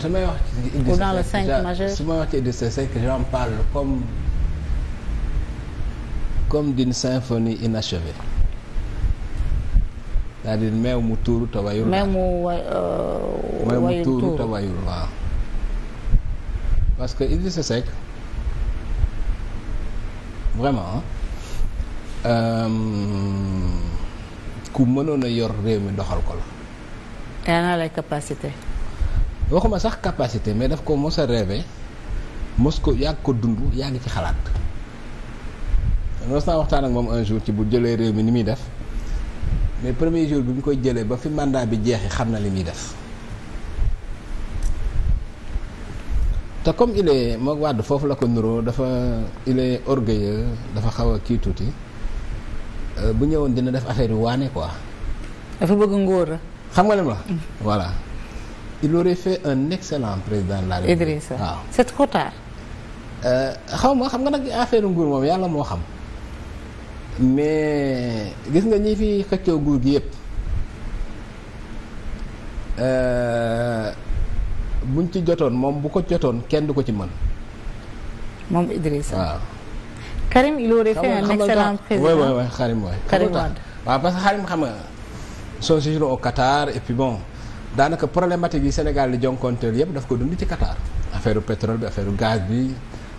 su may wax ci Idrissa Seck dans le parle comme comme d'une symphonie inachevée cest à meew mu tuuru te meew mu tuuru te waaw. parce que Idrissa Seck vraiment euh, ku mënoon yor réew mi doxal ko la. yaa naa lay capacité. waxuma sax capacité mais daf ko mos a rêvé mos ko yàgg ko dund yaa ngi ci xalaat mos naa waxtaan ak moom un jour ci bu jëlee réew mi ni muy def mais premier jour bi mu koy jëlee ba fi mandat bi jeexi xam na li muy def te comme il est moo wàdd foofu la ko nuroo dafa il est orgueilleux dafa xaw a kii tuuti euh, bu ñëwoon dina def affaire yu waane quoi. dafa bëgg ngóor xam nga lim la mm-hmm. voilà. il aurait fait un excellent président de la République. Idrissa waaw c'est trop euh, xaw ma xam nga nag affaire nguur moom yàlla moo xam mais gis nga ñi fi xëccoo nguur gi yëpp euh, buñ ci jotoon moom bu ko jotoon kenn du ko ci mën. moom Idrissa waaw. Karim il aurait fait un excellent président xam nga son séjour au Qatar et puis bon. daanaka problématique yi Sénégal di jonkonteel yëpp daf ko dund ci Qatar affaire pétrole bi affaire gaz bi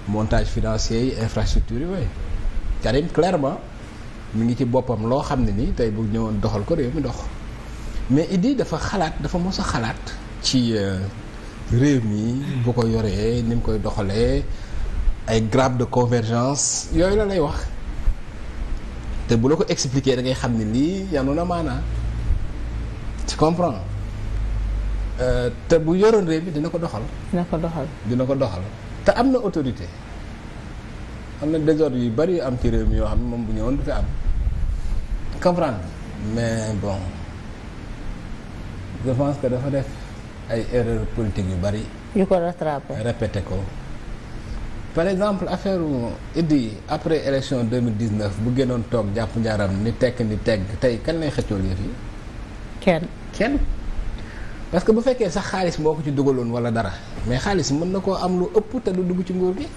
montage financier yi infrastructure yi waaye Karim mi ngi ci boppam loo xam ne nii tey bu ñëwoon doxal ko réew mi dox mais it di dafa xalaat dafa mos a xalaat ci euh, réew mi bu ko yoree ni mu koy doxalee ay grappes de convergence yooyu la lay wax te bu la ko expliquer da ngay xam ne nii yanu na maanaa tu comprends Euh, te bu yoroon réew mi dina ko doxal. dina ko doxal dina ko doxal te am na autorité am na désordre yu bari yu am ci réew mi yoo xam ne moom bu ñëwoon du fi am comprendre mais bon je pense que dafa def ay erreurs politiques yu bari. yu ko rattrapé répété ko. par exemple affaire Idi après élection 2019 bu génnoon toog jàpp njaaram ni tekk ni teg tey kan lay xëccool yëf yi. kenn kenn. parce que bu fekkee sax xaalis moo ko ci dugaloon wala dara mais xaalis mën na koo am lu ëpp te du dugg ci nguur gi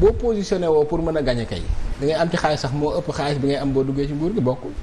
boo positionné woo pour mën a gañe kay da ngay am ci xaalis sax moo ëpp xaalis bi ngay am boo duggee ci nguur gi bokkul